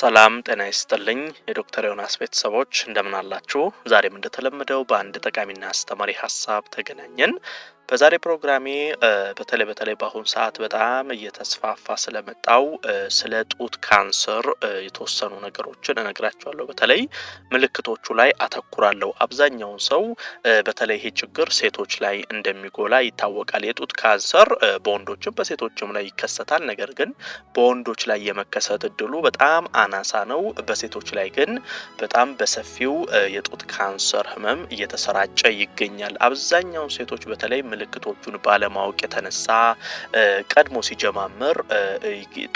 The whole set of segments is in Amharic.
ሰላም ጤና ይስጥልኝ የዶክተር ዮናስ ቤተሰቦች እንደምን አላችሁ? ዛሬም እንደተለመደው በአንድ ጠቃሚና አስተማሪ ሀሳብ ተገናኘን። በዛሬ ፕሮግራሜ በተለይ በተለይ በአሁኑ ሰዓት በጣም እየተስፋፋ ስለመጣው ስለ ጡት ካንሰር የተወሰኑ ነገሮችን እነግራቸዋለሁ። በተለይ ምልክቶቹ ላይ አተኩራለሁ። አብዛኛውን ሰው በተለይ ይሄ ችግር ሴቶች ላይ እንደሚጎላ ይታወቃል። የጡት ካንሰር በወንዶችም በሴቶችም ላይ ይከሰታል። ነገር ግን በወንዶች ላይ የመከሰት እድሉ በጣም አናሳ ነው። በሴቶች ላይ ግን በጣም በሰፊው የጡት ካንሰር ህመም እየተሰራጨ ይገኛል። አብዛኛውን ሴቶች በተለይ ምልክቶቹን ባለማወቅ የተነሳ ቀድሞ ሲጀማምር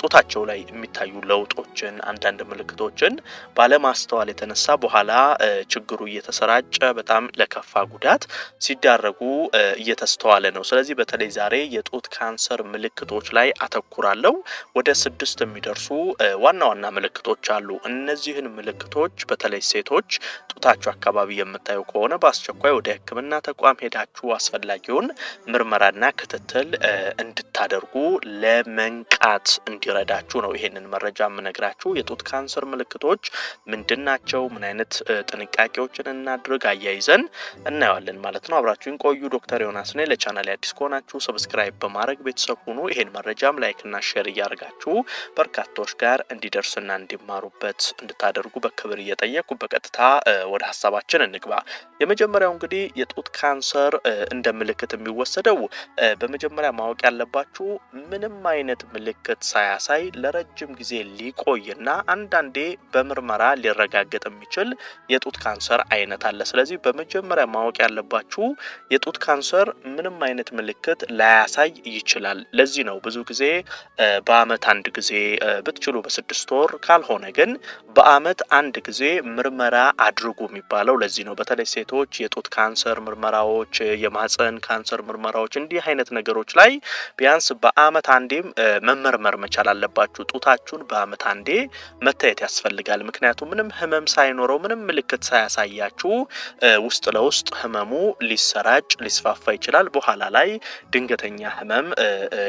ጡታቸው ላይ የሚታዩ ለውጦችን አንዳንድ ምልክቶችን ባለማስተዋል የተነሳ በኋላ ችግሩ እየተሰራጨ በጣም ለከፋ ጉዳት ሲዳረጉ እየተስተዋለ ነው። ስለዚህ በተለይ ዛሬ የጡት ካንሰር ምልክቶች ላይ አተኩራለሁ። ወደ ስድስት የሚደርሱ ዋና ዋና ምልክቶች አሉ። እነዚህን ምልክቶች በተለይ ሴቶች ጡታችሁ አካባቢ የምታዩ ከሆነ በአስቸኳይ ወደ ሕክምና ተቋም ሄዳችሁ አስፈላጊውን ያለውን ምርመራና ክትትል እንድታደርጉ ለመንቃት እንዲረዳችሁ ነው ይሄንን መረጃ የምነግራችሁ። የጡት ካንሰር ምልክቶች ምንድን ናቸው? ምን አይነት ጥንቃቄዎችን እናድርግ? አያይዘን እናየዋለን ማለት ነው። አብራችሁን ቆዩ። ዶክተር ዮናስ ነኝ። ለቻናል አዲስ ከሆናችሁ ሰብስክራይብ በማድረግ ቤተሰብ ሁኑ። ይሄን መረጃም ላይክና ሼር እያደርጋችሁ በርካቶች ጋር እንዲደርስና እንዲማሩበት እንድታደርጉ በክብር እየጠየቁ በቀጥታ ወደ ሀሳባችን እንግባ። የመጀመሪያው እንግዲህ የጡት ካንሰር እንደ ምልክት የሚወሰደው በመጀመሪያ ማወቅ ያለባችሁ ምንም አይነት ምልክት ሳያሳይ ለረጅም ጊዜ ሊቆይና አንዳንዴ በምርመራ ሊረጋገጥ የሚችል የጡት ካንሰር አይነት አለ። ስለዚህ በመጀመሪያ ማወቅ ያለባችሁ የጡት ካንሰር ምንም አይነት ምልክት ላያሳይ ይችላል። ለዚህ ነው ብዙ ጊዜ በአመት አንድ ጊዜ ብትችሉ በስድስት ወር ካልሆነ ግን በአመት አንድ ጊዜ ምርመራ አድርጉ የሚባለው ለዚህ ነው። በተለይ ሴቶች የጡት ካንሰር ምርመራዎች፣ የማህፀን ካንሰር የካንሰር ምርመራዎች እንዲህ አይነት ነገሮች ላይ ቢያንስ በአመት አንዴ መመርመር መቻል አለባችሁ። ጡታችሁን በአመት አንዴ መታየት ያስፈልጋል። ምክንያቱም ምንም ህመም ሳይኖረው ምንም ምልክት ሳያሳያችሁ ውስጥ ለውስጥ ህመሙ ሊሰራጭ ሊስፋፋ ይችላል። በኋላ ላይ ድንገተኛ ህመም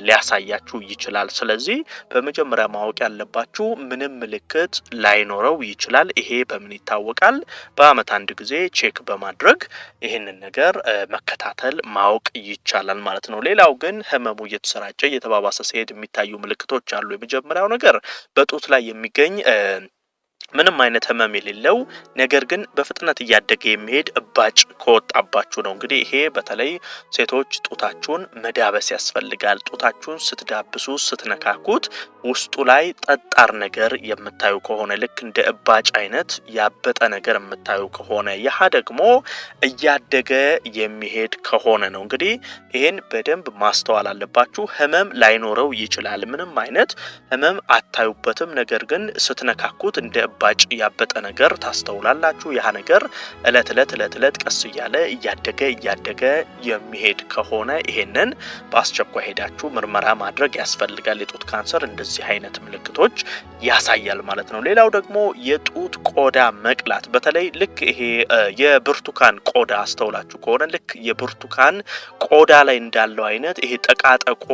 ሊያሳያችሁ ይችላል። ስለዚህ በመጀመሪያ ማወቅ ያለባችሁ ምንም ምልክት ላይኖረው ይችላል። ይሄ በምን ይታወቃል? በአመት አንድ ጊዜ ቼክ በማድረግ ይህንን ነገር መከታተል ማወቅ ይቻላል ማለት ነው። ሌላው ግን ህመሙ እየተሰራጨ እየተባባሰ ሲሄድ የሚታዩ ምልክቶች አሉ። የመጀመሪያው ነገር በጡት ላይ የሚገኝ ምንም አይነት ህመም የሌለው ነገር ግን በፍጥነት እያደገ የሚሄድ እባጭ ከወጣባችሁ ነው። እንግዲህ ይሄ በተለይ ሴቶች ጡታችሁን መዳበስ ያስፈልጋል። ጡታችሁን ስትዳብሱ ስትነካኩት ውስጡ ላይ ጠጣር ነገር የምታዩ ከሆነ ልክ እንደ እባጭ አይነት ያበጠ ነገር የምታዩ ከሆነ ይህ ደግሞ እያደገ የሚሄድ ከሆነ ነው። እንግዲህ ይህን በደንብ ማስተዋል አለባችሁ። ህመም ላይኖረው ይችላል። ምንም አይነት ህመም አታዩበትም። ነገር ግን ስትነካኩት እንደ እባጭ ያበጠ ነገር ታስተውላላችሁ። ያ ነገር እለት እለት እለት እለት ቀስ እያለ እያደገ እያደገ የሚሄድ ከሆነ ይሄንን በአስቸኳይ ሄዳችሁ ምርመራ ማድረግ ያስፈልጋል። የጡት ካንሰር እንደዚህ እንደዚህ አይነት ምልክቶች ያሳያል ማለት ነው። ሌላው ደግሞ የጡት ቆዳ መቅላት፣ በተለይ ልክ ይሄ የብርቱካን ቆዳ አስተውላችሁ ከሆነ ልክ የብርቱካን ቆዳ ላይ እንዳለው አይነት ይሄ ጠቃጠቆ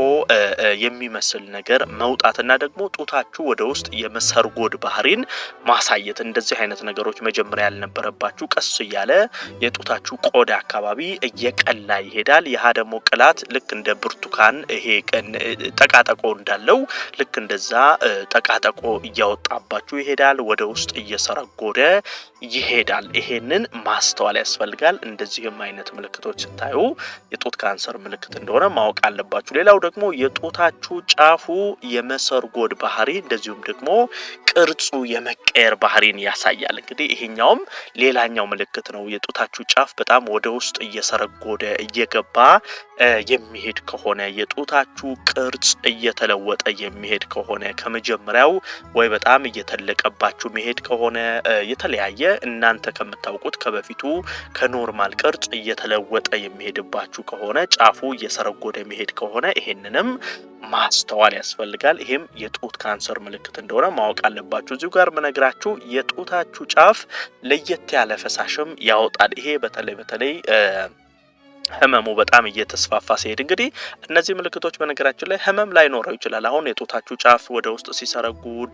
የሚመስል ነገር መውጣትና ደግሞ ጡታችሁ ወደ ውስጥ የመሰርጎድ ባህሪን ማሳየት፣ እንደዚህ አይነት ነገሮች መጀመሪያ ያልነበረባችሁ ቀስ እያለ የጡታችሁ ቆዳ አካባቢ እየቀላ ይሄዳል። ይህ ደግሞ ቅላት ልክ እንደ ብርቱካን ይሄ ጠቃጠቆ እንዳለው ልክ እንደዛ ጠቃጠቆ እያወጣባችሁ ይሄዳል፣ ወደ ውስጥ እየሰረጎደ ይሄዳል። ይሄንን ማስተዋል ያስፈልጋል። እንደዚህም አይነት ምልክቶች ስታዩ የጡት ካንሰር ምልክት እንደሆነ ማወቅ አለባችሁ። ሌላው ደግሞ የጡታችሁ ጫፉ የመሰርጎድ ባህሪ እንደዚሁም ደግሞ ቅርጹ የመቀየር ባህሪን ያሳያል። እንግዲህ ይሄኛውም ሌላኛው ምልክት ነው። የጡታችሁ ጫፍ በጣም ወደ ውስጥ እየሰረጎደ እየገባ የሚሄድ ከሆነ የጡታችሁ ቅርጽ እየተለወጠ የሚሄድ ከሆነ ከመጀመሪያው ወይ በጣም እየተለቀባችሁ መሄድ ከሆነ የተለያየ እናንተ ከምታውቁት ከበፊቱ ከኖርማል ቅርጽ እየተለወጠ የሚሄድባችሁ ከሆነ ጫፉ እየሰረጎደ መሄድ ከሆነ ይሄንንም ማስተዋል ያስፈልጋል። ይሄም የጡት ካንሰር ምልክት እንደሆነ ማወቅ አለባችሁ። እዚሁ ጋር ምነግራችሁ የጡታችሁ ጫፍ ለየት ያለ ፈሳሽም ያወጣል። ይሄ በተለይ በተለይ ህመሙ በጣም እየተስፋፋ ሲሄድ እንግዲህ እነዚህ ምልክቶች በነገራችን ላይ ህመም ላይኖረው ይችላል። አሁን የጦታችሁ ጫፍ ወደ ውስጥ ሲሰረጉድ፣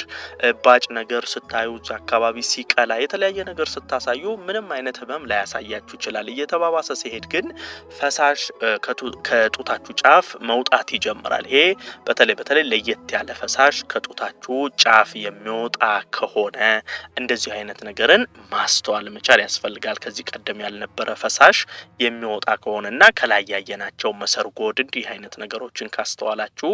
ባጭ ነገር ስታዩ፣ አካባቢ ሲቀላ፣ የተለያየ ነገር ስታሳዩ ምንም አይነት ህመም ላያሳያችሁ ይችላል። እየተባባሰ ሲሄድ ግን ፈሳሽ ከጡታችሁ ጫፍ መውጣት ይጀምራል። ይሄ በተለይ በተለይ ለየት ያለ ፈሳሽ ከጡታችሁ ጫፍ የሚወጣ ከሆነ እንደዚሁ አይነት ነገርን ማስተዋል መቻል ያስፈልጋል። ከዚህ ቀደም ያልነበረ ፈሳሽ የሚወጣ ከሆነ ያየነውንና ከላይ ያየናቸው መሰርጎድ እንዲህ አይነት ነገሮችን ካስተዋላችሁ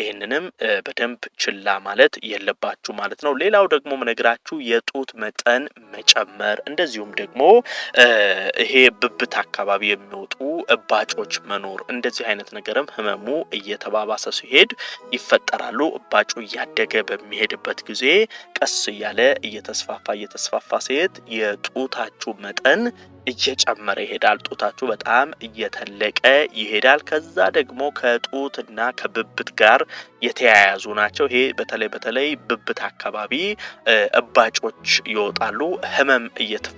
ይህንንም በደንብ ችላ ማለት የለባችሁ ማለት ነው። ሌላው ደግሞ ምነግራችሁ የጡት መጠን መጨመር እንደዚሁም ደግሞ ይሄ ብብት አካባቢ የሚወጡ እባጮች መኖር እንደዚህ አይነት ነገርም ህመሙ እየተባባሰ ሲሄድ ይፈጠራሉ። እባጩ እያደገ በሚሄድበት ጊዜ ቀስ እያለ እየተስፋፋ እየተስፋፋ ሲሄድ የጡታችሁ መጠን እየጨመረ ይሄዳል። ጡታችሁ በጣም እየተለቀ ይሄዳል። ከዛ ደግሞ እና ከብብት ጋር የተያያዙ ናቸው። ይሄ በተለይ በተለይ ብብት አካባቢ እባጮች ይወጣሉ። ህመም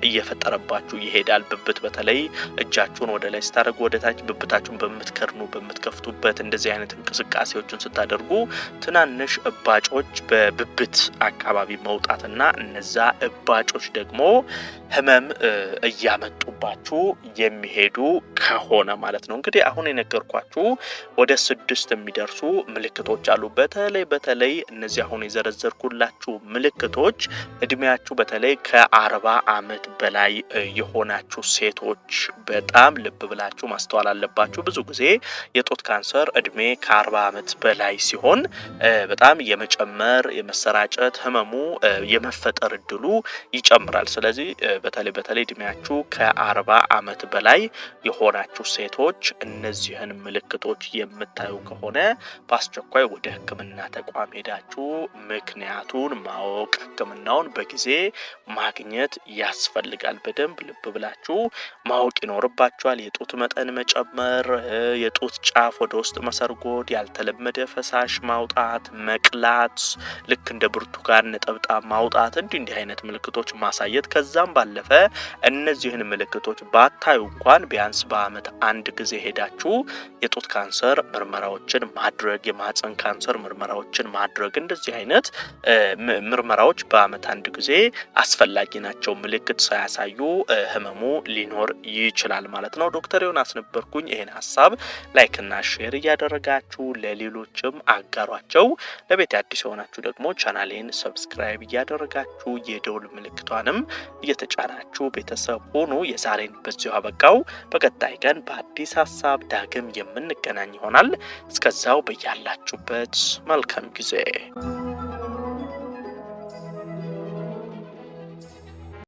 እየፈጠረባችሁ ይሄዳል። ብብት በተለይ እጃችሁን ወደ ላይ ስታደርጉ ወደ ታች ብብታችሁን በምትከርኑ በምትከፍቱበት እንደዚህ አይነት እንቅስቃሴዎችን ስታደርጉ ትናንሽ እባጮች በብብት አካባቢ መውጣትና እነዛ እባጮች ደግሞ ህመም እያመ። እየመጡባችሁ የሚሄዱ ከሆነ ማለት ነው። እንግዲህ አሁን የነገርኳችሁ ወደ ስድስት የሚደርሱ ምልክቶች አሉ። በተለይ በተለይ እነዚህ አሁን የዘረዘርኩላችሁ ምልክቶች እድሜያችሁ በተለይ ከአርባ አመት በላይ የሆናችሁ ሴቶች በጣም ልብ ብላችሁ ማስተዋል አለባችሁ። ብዙ ጊዜ የጡት ካንሰር እድሜ ከአርባ ዓመት በላይ ሲሆን በጣም የመጨመር የመሰራጨት ህመሙ የመፈጠር እድሉ ይጨምራል። ስለዚህ በተለይ በተለይ እድሜያችሁ ከ ከአርባ ዓመት በላይ የሆናችሁ ሴቶች እነዚህን ምልክቶች የምታዩ ከሆነ በአስቸኳይ ወደ ሕክምና ተቋም ሄዳችሁ ምክንያቱን ማወቅ ሕክምናውን በጊዜ ማግኘት ያስፈልጋል። በደንብ ልብ ብላችሁ ማወቅ ይኖርባችኋል። የጡት መጠን መጨመር፣ የጡት ጫፍ ወደ ውስጥ መሰርጎድ፣ ያልተለመደ ፈሳሽ ማውጣት፣ መቅላት፣ ልክ እንደ ብርቱካን ነጠብጣብ ማውጣት፣ እንዲህ እንዲህ አይነት ምልክቶች ማሳየት ከዛም ባለፈ እነዚህን ምልክቶች ባታዩ እንኳን ቢያንስ በአመት አንድ ጊዜ ሄዳችሁ የጡት ካንሰር ምርመራዎችን ማድረግ፣ የማህፀን ካንሰር ምርመራዎችን ማድረግ እንደዚህ አይነት ምርመራዎች በአመት አንድ ጊዜ አስፈላጊ ናቸው። ምልክት ሳያሳዩ ህመሙ ሊኖር ይችላል ማለት ነው። ዶክተር ዮናስ ነበርኩኝ። ይህን ሀሳብ ላይክና ሼር እያደረጋችሁ ለሌሎችም አጋሯቸው። ለቤት አዲስ የሆናችሁ ደግሞ ቻናሌን ሰብስክራይብ እያደረጋችሁ የደውል ምልክቷንም እየተጫናችሁ ቤተሰብ ሆኑ። የዛሬን በዚሁ አበቃው። በቀጣይ ቀን በአዲስ ሀሳብ ዳግም የምንገናኝ ይሆናል። እስከዛው በያላችሁበት መልካም ጊዜ